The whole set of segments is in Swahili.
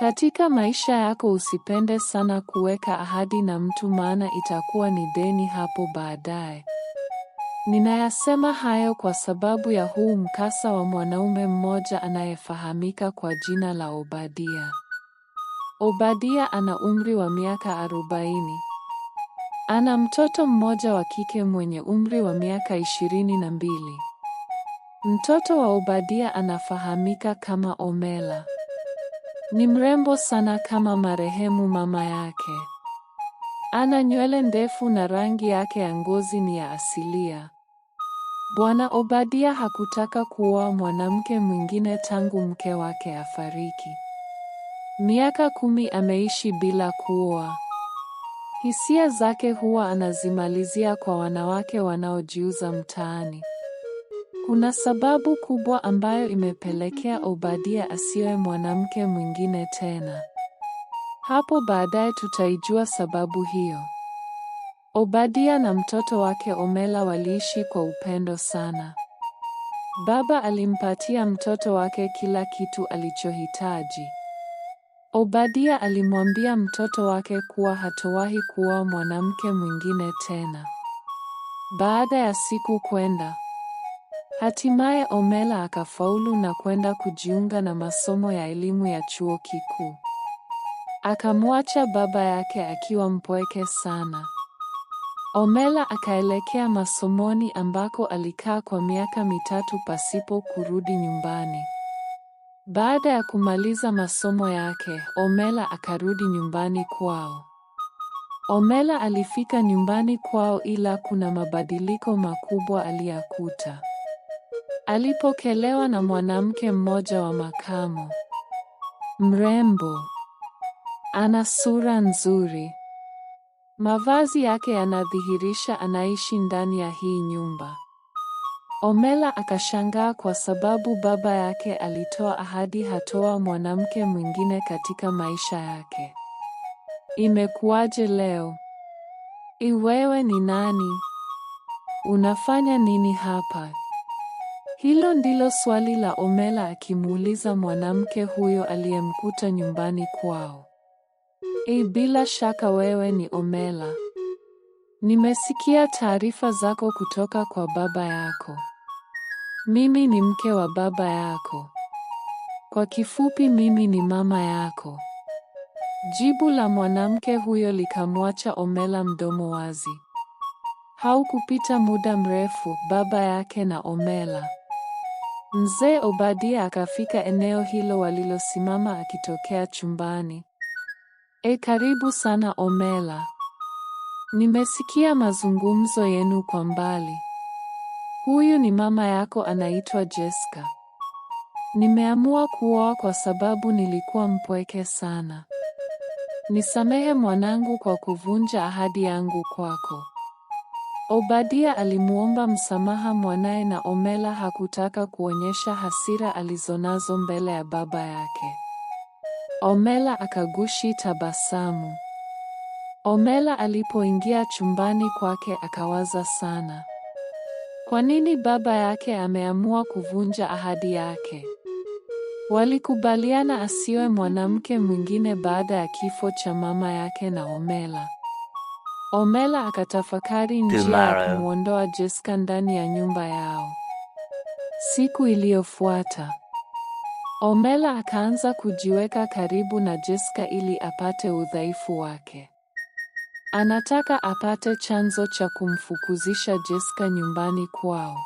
Katika maisha yako usipende sana kuweka ahadi na mtu maana itakuwa ni deni hapo baadaye. Ninayasema hayo kwa sababu ya huu mkasa wa mwanaume mmoja anayefahamika kwa jina la Obadia. Obadia ana umri wa miaka arobaini. Ana mtoto mmoja wa kike mwenye umri wa miaka ishirini na mbili. Mtoto wa Obadia anafahamika kama Omela. Ni mrembo sana kama marehemu mama yake. Ana nywele ndefu na rangi yake ya ngozi ni ya asilia. Bwana Obadia hakutaka kuoa mwanamke mwingine tangu mke wake afariki. Miaka kumi ameishi bila kuoa. Hisia zake huwa anazimalizia kwa wanawake wanaojiuza mtaani. Kuna sababu kubwa ambayo imepelekea Obadia asiwe mwanamke mwingine tena. Hapo baadaye tutaijua sababu hiyo. Obadia na mtoto wake Omela waliishi kwa upendo sana. Baba alimpatia mtoto wake kila kitu alichohitaji. Obadia alimwambia mtoto wake kuwa hatowahi kuwa mwanamke mwingine tena. Baada ya siku kwenda Hatimaye Omela akafaulu na kwenda kujiunga na masomo ya elimu ya chuo kikuu. Akamwacha baba yake akiwa mpweke sana. Omela akaelekea masomoni ambako alikaa kwa miaka mitatu pasipo kurudi nyumbani. Baada ya kumaliza masomo yake, Omela akarudi nyumbani kwao. Omela alifika nyumbani kwao ila kuna mabadiliko makubwa aliyakuta alipokelewa na mwanamke mmoja wa makamo. Mrembo, ana sura nzuri, mavazi yake yanadhihirisha anaishi ndani ya hii nyumba. Omela akashangaa kwa sababu baba yake alitoa ahadi hatoa mwanamke mwingine katika maisha yake. Imekuwaje leo? Iwewe ni nani? Unafanya nini hapa? Hilo ndilo swali la Omela akimuuliza mwanamke huyo aliyemkuta nyumbani kwao. E, bila shaka wewe ni Omela. Nimesikia taarifa zako kutoka kwa baba yako. Mimi ni mke wa baba yako. Kwa kifupi mimi ni mama yako. Jibu la mwanamke huyo likamwacha Omela mdomo wazi. Haukupita muda mrefu, baba yake na Omela Mzee Obadia akafika eneo hilo walilosimama akitokea chumbani. E, karibu sana Omela. Nimesikia mazungumzo yenu kwa mbali. Huyu ni mama yako anaitwa Jessica. Nimeamua kuoa kwa sababu nilikuwa mpweke sana. Nisamehe mwanangu kwa kuvunja ahadi yangu kwako. Obadia alimuomba msamaha mwanaye na Omela hakutaka kuonyesha hasira alizonazo mbele ya baba yake. Omela akagushi tabasamu. Omela alipoingia chumbani kwake akawaza sana. Kwa nini baba yake ameamua kuvunja ahadi yake? Walikubaliana asiwe mwanamke mwingine baada ya kifo cha mama yake na Omela. Omela akatafakari njia ya kumwondoa Jessica ndani ya nyumba yao. Siku iliyofuata, Omela akaanza kujiweka karibu na Jessica ili apate udhaifu wake. Anataka apate chanzo cha kumfukuzisha Jessica nyumbani kwao.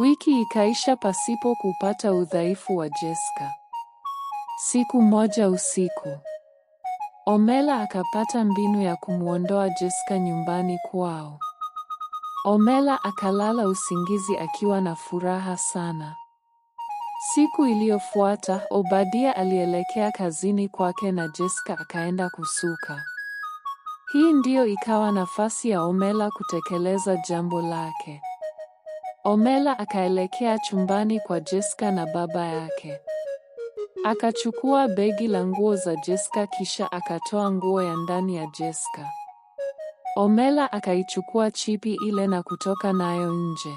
Wiki ikaisha pasipo kupata udhaifu wa Jessica. Siku moja usiku Omela akapata mbinu ya kumwondoa Jessica nyumbani kwao. Omela akalala usingizi akiwa na furaha sana. Siku iliyofuata, Obadia alielekea kazini kwake na Jessica akaenda kusuka. Hii ndiyo ikawa nafasi ya Omela kutekeleza jambo lake. Omela akaelekea chumbani kwa Jessica na baba yake. Akachukua begi la nguo za Jessica kisha akatoa nguo ya ndani ya Jessica. Omela akaichukua chipi ile na kutoka nayo nje.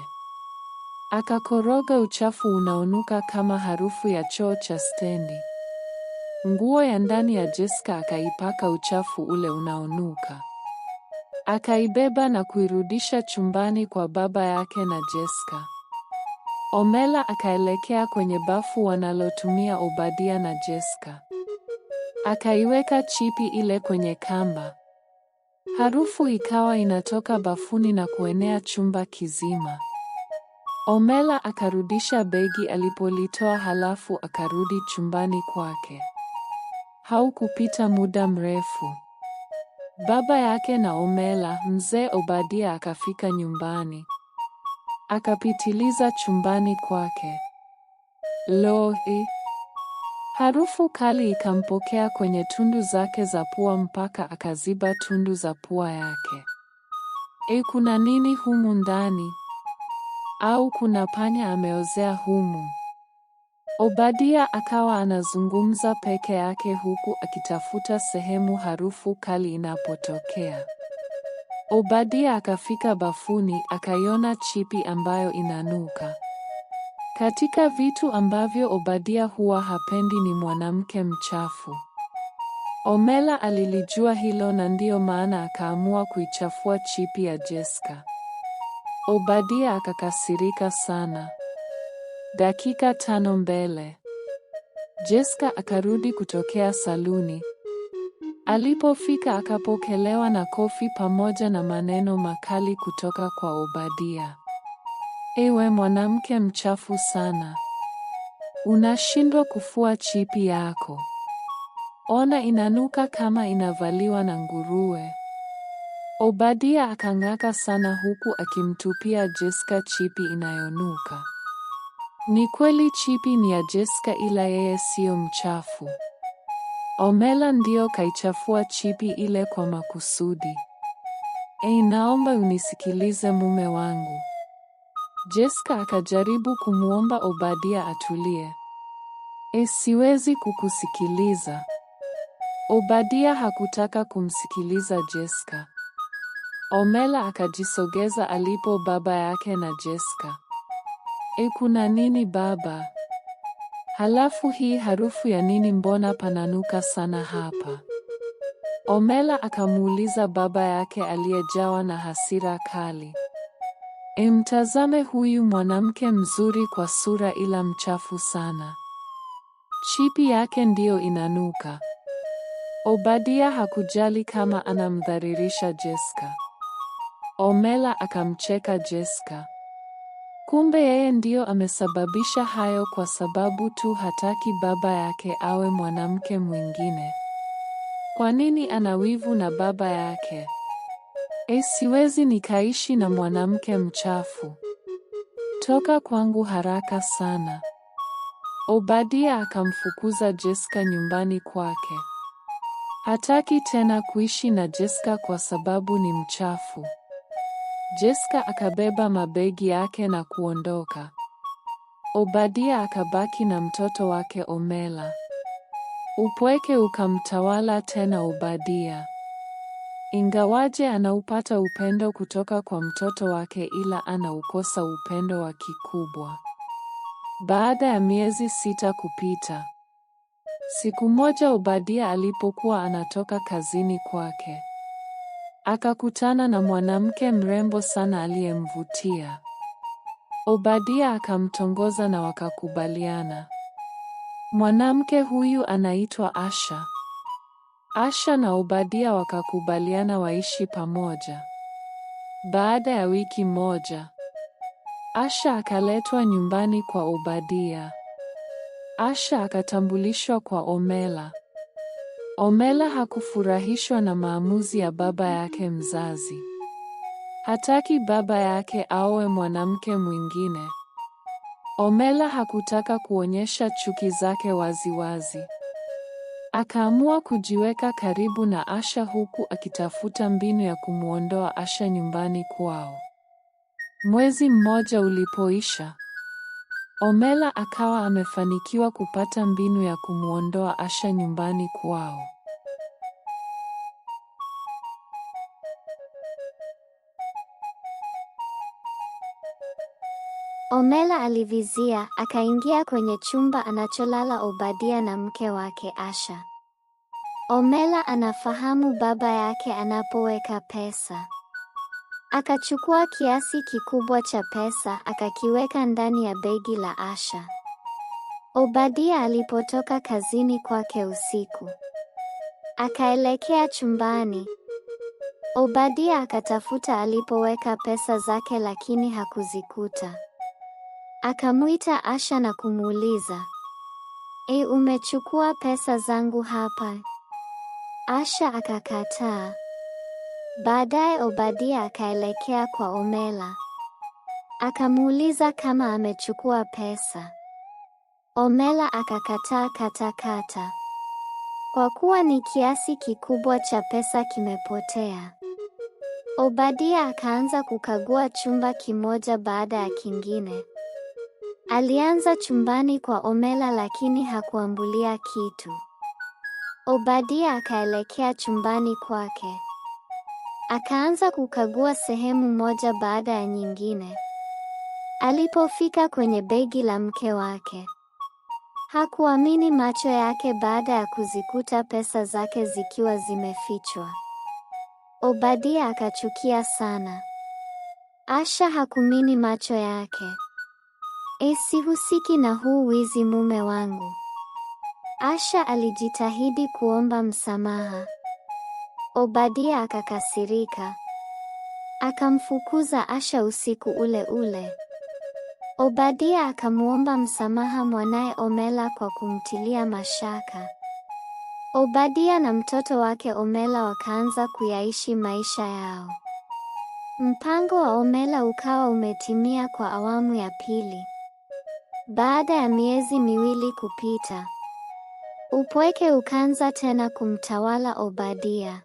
Akakoroga uchafu unaonuka kama harufu ya choo cha stendi. Nguo ya ndani ya Jessica akaipaka uchafu ule unaonuka. Akaibeba na kuirudisha chumbani kwa baba yake na Jessica. Omela akaelekea kwenye bafu wanalotumia Obadia na Jeska. Akaiweka chipi ile kwenye kamba. Harufu ikawa inatoka bafuni na kuenea chumba kizima. Omela akarudisha begi alipolitoa halafu akarudi chumbani kwake. Haukupita muda mrefu. Baba yake na Omela, mzee Obadia akafika nyumbani akapitiliza chumbani kwake. lohi Harufu kali ikampokea kwenye tundu zake za pua mpaka akaziba tundu za pua yake. E, kuna nini humu ndani? Au kuna panya ameozea humu? Obadia akawa anazungumza peke yake huku akitafuta sehemu harufu kali inapotokea. Obadia akafika bafuni akaiona chipi ambayo inanuka. Katika vitu ambavyo Obadia huwa hapendi ni mwanamke mchafu. Omela alilijua hilo na ndiyo maana akaamua kuichafua chipi ya Jessica. Obadia akakasirika sana. Dakika tano mbele. Jessica akarudi kutokea saluni Alipofika akapokelewa na kofi pamoja na maneno makali kutoka kwa Obadia. Ewe mwanamke mchafu sana. Unashindwa kufua chipi yako. Ona inanuka kama inavaliwa na nguruwe. Obadia akang'aka sana huku akimtupia Jessica chipi inayonuka. Ni kweli chipi ni ya Jessica ila yeye siyo mchafu. Omela ndiyo kaichafua chipi ile kwa makusudi. Ei, naomba unisikilize mume wangu. Jessica akajaribu kumwomba Obadia atulie. E, siwezi kukusikiliza. Obadia hakutaka kumsikiliza Jessica. Omela akajisogeza alipo baba yake na Jessica. E, kuna nini baba? Halafu hii harufu ya nini? Mbona pananuka sana hapa? Omela akamuuliza baba yake aliyejawa na hasira kali. Emtazame huyu mwanamke mzuri kwa sura ila mchafu sana. Chipi yake ndiyo inanuka. Obadia hakujali kama anamdharirisha Jessica. Omela akamcheka Jessica. Kumbe yeye ndiyo amesababisha hayo kwa sababu tu hataki baba yake awe mwanamke mwingine. Kwa nini ana wivu na baba yake? E, siwezi nikaishi na mwanamke mchafu. Toka kwangu haraka sana. Obadia akamfukuza Jessica nyumbani kwake. Hataki tena kuishi na Jessica kwa sababu ni mchafu. Jessica akabeba mabegi yake na kuondoka. Obadia akabaki na mtoto wake Omela. Upweke ukamtawala tena Obadia. Ingawaje anaupata upendo kutoka kwa mtoto wake ila anaukosa upendo wa kikubwa. Baada ya miezi sita kupita, siku moja Obadia alipokuwa anatoka kazini kwake, Akakutana na mwanamke mrembo sana aliyemvutia. Obadia akamtongoza na wakakubaliana. Mwanamke huyu anaitwa Asha. Asha na Obadia wakakubaliana waishi pamoja. Baada ya wiki moja, Asha akaletwa nyumbani kwa Obadia. Asha akatambulishwa kwa Omela. Omela hakufurahishwa na maamuzi ya baba yake mzazi. Hataki baba yake aoe mwanamke mwingine. Omela hakutaka kuonyesha chuki zake waziwazi. Akaamua kujiweka karibu na Asha huku akitafuta mbinu ya kumwondoa Asha nyumbani kwao. Mwezi mmoja ulipoisha, Omela akawa amefanikiwa kupata mbinu ya kumwondoa Asha nyumbani kwao. Omela alivizia, akaingia kwenye chumba anacholala Obadia na mke wake Asha. Omela anafahamu baba yake anapoweka pesa. Akachukua kiasi kikubwa cha pesa akakiweka ndani ya begi la Asha. Obadia alipotoka kazini kwake usiku, akaelekea chumbani. Obadia akatafuta alipoweka pesa zake lakini hakuzikuta. Akamwita Asha na kumuuliza, "E, umechukua pesa zangu hapa?" Asha akakataa. Baadaye Obadia akaelekea kwa Omela. Akamuuliza kama amechukua pesa. Omela akakataa kata katakata, kwa kuwa ni kiasi kikubwa cha pesa kimepotea. Obadia akaanza kukagua chumba kimoja baada ya kingine. Alianza chumbani kwa Omela lakini hakuambulia kitu. Obadia akaelekea chumbani kwake. Akaanza kukagua sehemu moja baada ya nyingine. Alipofika kwenye begi la mke wake, hakuamini macho yake baada ya kuzikuta pesa zake zikiwa zimefichwa. Obadia akachukia sana. Asha hakumini macho yake. E, sihusiki na huu wizi mume wangu. Asha alijitahidi kuomba msamaha. Obadia akakasirika. Akamfukuza Asha usiku ule ule. Obadia akamwomba msamaha mwanaye Omela kwa kumtilia mashaka. Obadia na mtoto wake Omela wakaanza kuyaishi maisha yao. Mpango wa Omela ukawa umetimia kwa awamu ya pili. Baada ya miezi miwili kupita, upweke ukaanza tena kumtawala Obadia.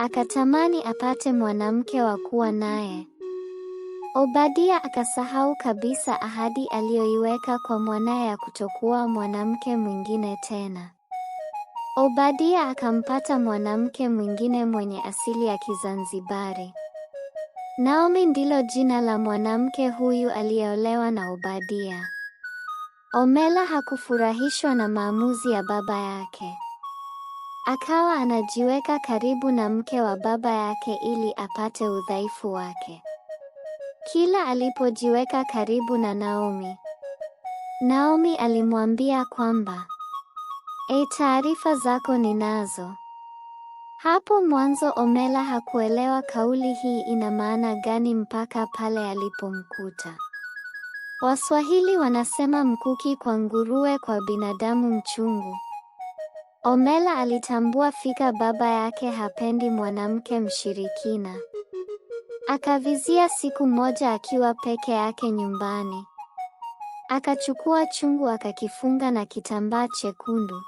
Akatamani apate mwanamke wa kuwa naye. Obadia akasahau kabisa ahadi aliyoiweka kwa mwanaye ya kutokuwa mwanamke mwingine tena. Obadia akampata mwanamke mwingine mwenye asili ya Kizanzibari. Naomi ndilo jina la mwanamke huyu aliyeolewa na Obadia. Omela hakufurahishwa na maamuzi ya baba yake. Akawa anajiweka karibu na mke wa baba yake ili apate udhaifu wake. Kila alipojiweka karibu na Naomi, Naomi alimwambia kwamba, E, taarifa zako ninazo. Hapo mwanzo Omela hakuelewa kauli hii ina maana gani mpaka pale alipomkuta. Waswahili wanasema mkuki kwa nguruwe kwa binadamu mchungu. Omela alitambua fika baba yake hapendi mwanamke mshirikina. Akavizia siku moja akiwa peke yake nyumbani. Akachukua chungu akakifunga na kitambaa chekundu.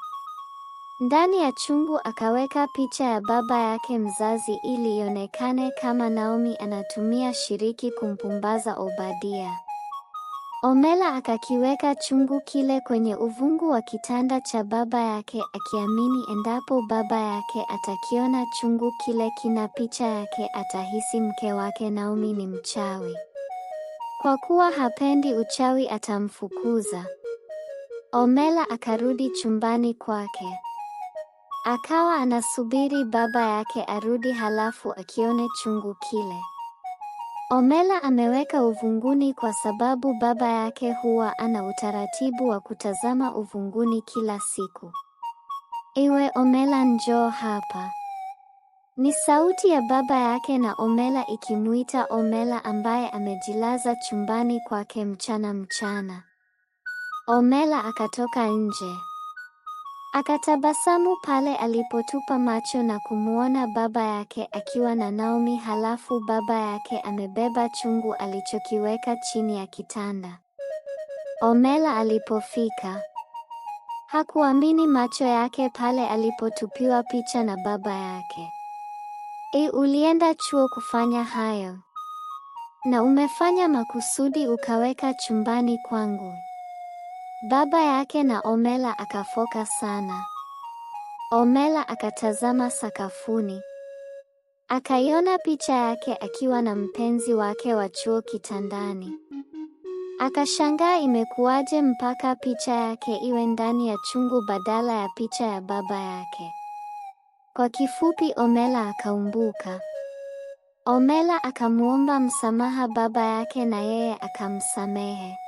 Ndani ya chungu akaweka picha ya baba yake mzazi ili ionekane kama Naomi anatumia shiriki kumpumbaza Obadia. Omela akakiweka chungu kile kwenye uvungu wa kitanda cha baba yake akiamini endapo baba yake atakiona chungu kile kina picha yake atahisi mke wake Naomi ni mchawi. Kwa kuwa hapendi uchawi atamfukuza. Omela akarudi chumbani kwake. Akawa anasubiri baba yake arudi halafu akione chungu kile. Omela ameweka uvunguni kwa sababu baba yake huwa ana utaratibu wa kutazama uvunguni kila siku. Iwe Omela njoo hapa. Ni sauti ya baba yake na Omela ikimuita Omela ambaye amejilaza chumbani kwake mchana mchana. Omela akatoka nje. Akatabasamu pale alipotupa macho na kumwona baba yake akiwa na Naomi halafu baba yake amebeba chungu alichokiweka chini ya kitanda. Omela alipofika, hakuamini macho yake pale alipotupiwa picha na baba yake. E, ulienda chuo kufanya hayo? Na umefanya makusudi ukaweka chumbani kwangu? Baba yake na Omela akafoka sana. Omela akatazama sakafuni. Akaiona picha yake akiwa na mpenzi wake wa chuo kitandani. Akashangaa imekuwaje mpaka picha yake iwe ndani ya chungu badala ya picha ya baba yake. Kwa kifupi Omela akaumbuka. Omela akamwomba msamaha baba yake na yeye akamsamehe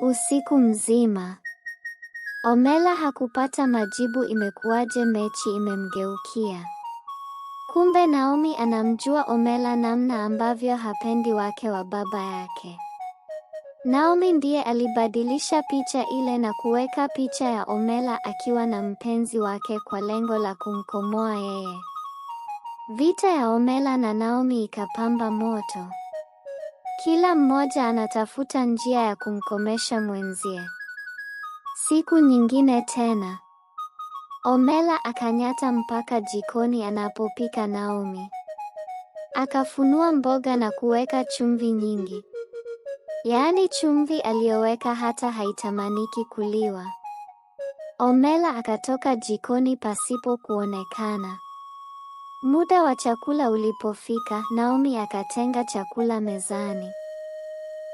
usiku mzima. Omela hakupata majibu imekuwaje mechi imemgeukia. Kumbe Naomi anamjua Omela namna ambavyo hapendi wake wa baba yake. Naomi ndiye alibadilisha picha ile na kuweka picha ya Omela akiwa na mpenzi wake kwa lengo la kumkomoa yeye. Vita ya Omela na Naomi ikapamba moto. Kila mmoja anatafuta njia ya kumkomesha mwenzie. Siku nyingine tena, Omela akanyata mpaka jikoni anapopika Naomi. Akafunua mboga na kuweka chumvi nyingi. Yaani chumvi aliyoweka hata haitamaniki kuliwa. Omela akatoka jikoni pasipo kuonekana. Muda wa chakula ulipofika, Naomi akatenga chakula mezani.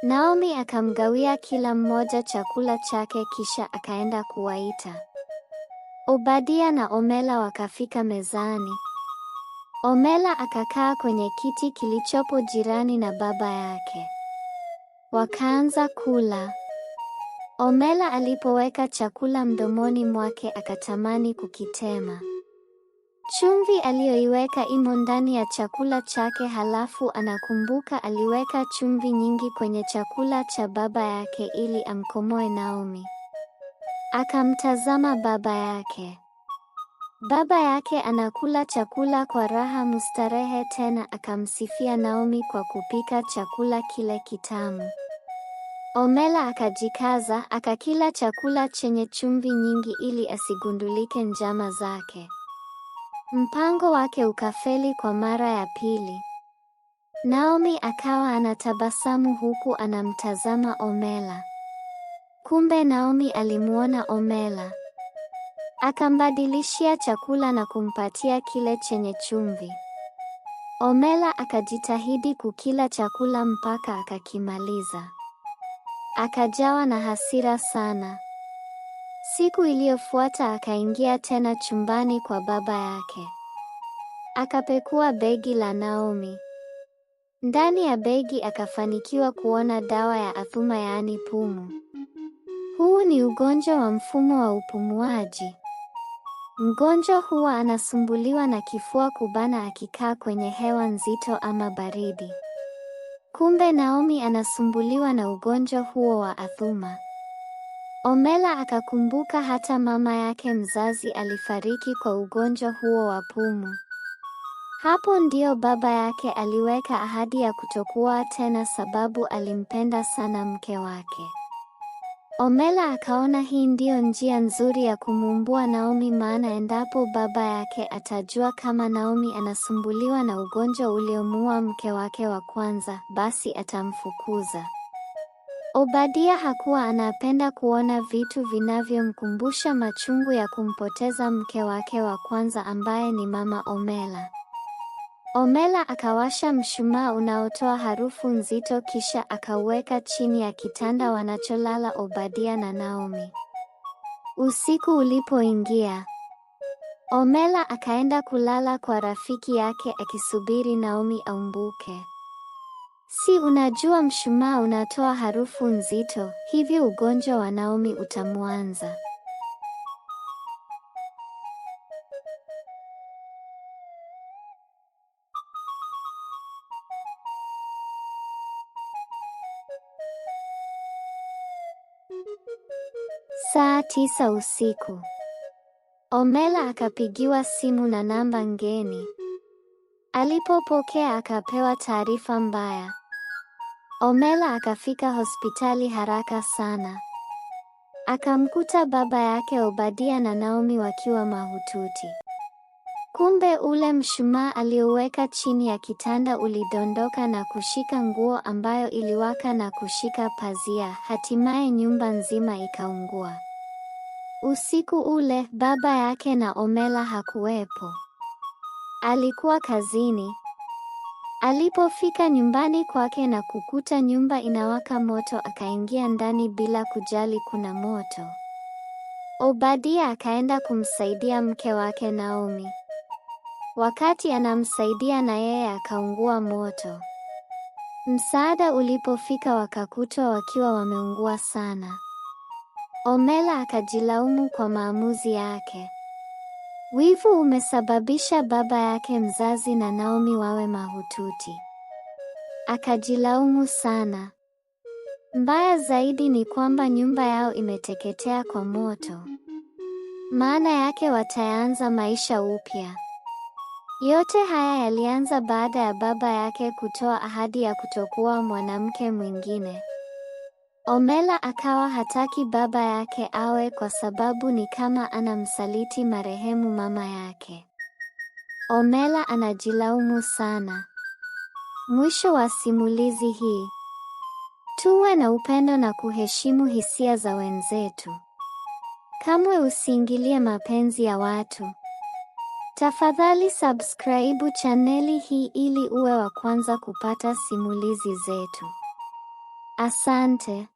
Naomi akamgawia kila mmoja chakula chake kisha akaenda kuwaita. Obadia na Omela wakafika mezani. Omela akakaa kwenye kiti kilichopo jirani na baba yake. Wakaanza kula. Omela alipoweka chakula mdomoni mwake akatamani kukitema. Chumvi aliyoiweka imo ndani ya chakula chake halafu anakumbuka aliweka chumvi nyingi kwenye chakula cha baba yake ili amkomoe Naomi. Akamtazama baba yake. Baba yake anakula chakula kwa raha mustarehe tena akamsifia Naomi kwa kupika chakula kile kitamu. Omela akajikaza akakila chakula chenye chumvi nyingi ili asigundulike njama zake. Mpango wake ukafeli kwa mara ya pili. Naomi akawa anatabasamu huku anamtazama Omela. Kumbe Naomi alimuona Omela. Akambadilishia chakula na kumpatia kile chenye chumvi. Omela akajitahidi kukila chakula mpaka akakimaliza. Akajawa na hasira sana. Siku iliyofuata akaingia tena chumbani kwa baba yake. Akapekua begi la Naomi. Ndani ya begi akafanikiwa kuona dawa ya athuma yaani pumu. Huu ni ugonjwa wa mfumo wa upumuaji. Mgonjwa huwa anasumbuliwa na kifua kubana akikaa kwenye hewa nzito ama baridi. Kumbe Naomi anasumbuliwa na ugonjwa huo wa athuma. Omela akakumbuka hata mama yake mzazi alifariki kwa ugonjwa huo wa pumu. Hapo ndio baba yake aliweka ahadi ya kutokuwa tena sababu alimpenda sana mke wake. Omela akaona hii ndiyo njia nzuri ya kumuumbua Naomi maana endapo baba yake atajua kama Naomi anasumbuliwa na ugonjwa uliomuua mke wake wa kwanza, basi atamfukuza. Obadia hakuwa anapenda kuona vitu vinavyomkumbusha machungu ya kumpoteza mke wake wa kwanza ambaye ni Mama Omela. Omela akawasha mshumaa unaotoa harufu nzito kisha akauweka chini ya kitanda wanacholala Obadia na Naomi. Usiku ulipoingia, Omela akaenda kulala kwa rafiki yake akisubiri Naomi aumbuke. Si unajua mshumaa unatoa harufu nzito, hivyo ugonjwa wa Naomi utamwanza. Saa tisa usiku. Omela akapigiwa simu na namba ngeni Alipopokea akapewa taarifa mbaya. Omela akafika hospitali haraka sana. Akamkuta baba yake Obadia na Naomi wakiwa mahututi. Kumbe ule mshumaa aliyoweka chini ya kitanda ulidondoka na kushika nguo ambayo iliwaka na kushika pazia, hatimaye nyumba nzima ikaungua. Usiku ule baba yake na Omela hakuwepo. Alikuwa kazini. Alipofika nyumbani kwake na kukuta nyumba inawaka moto, akaingia ndani bila kujali kuna moto. Obadia akaenda kumsaidia mke wake Naomi. Wakati anamsaidia na yeye akaungua moto. Msaada ulipofika wakakutwa wakiwa wameungua sana. Omela akajilaumu kwa maamuzi yake. Wivu umesababisha baba yake mzazi na Naomi wawe mahututi. Akajilaumu sana. Mbaya zaidi ni kwamba nyumba yao imeteketea kwa moto. Maana yake wataanza maisha upya. Yote haya yalianza baada ya baba yake kutoa ahadi ya kutokuwa mwanamke mwingine. Omela akawa hataki baba yake awe kwa sababu ni kama anamsaliti marehemu mama yake. Omela anajilaumu sana. Mwisho wa simulizi hii. Tuwe na upendo na kuheshimu hisia za wenzetu. Kamwe usiingilie mapenzi ya watu. Tafadhali subscribe chaneli hii ili uwe wa kwanza kupata simulizi zetu. Asante.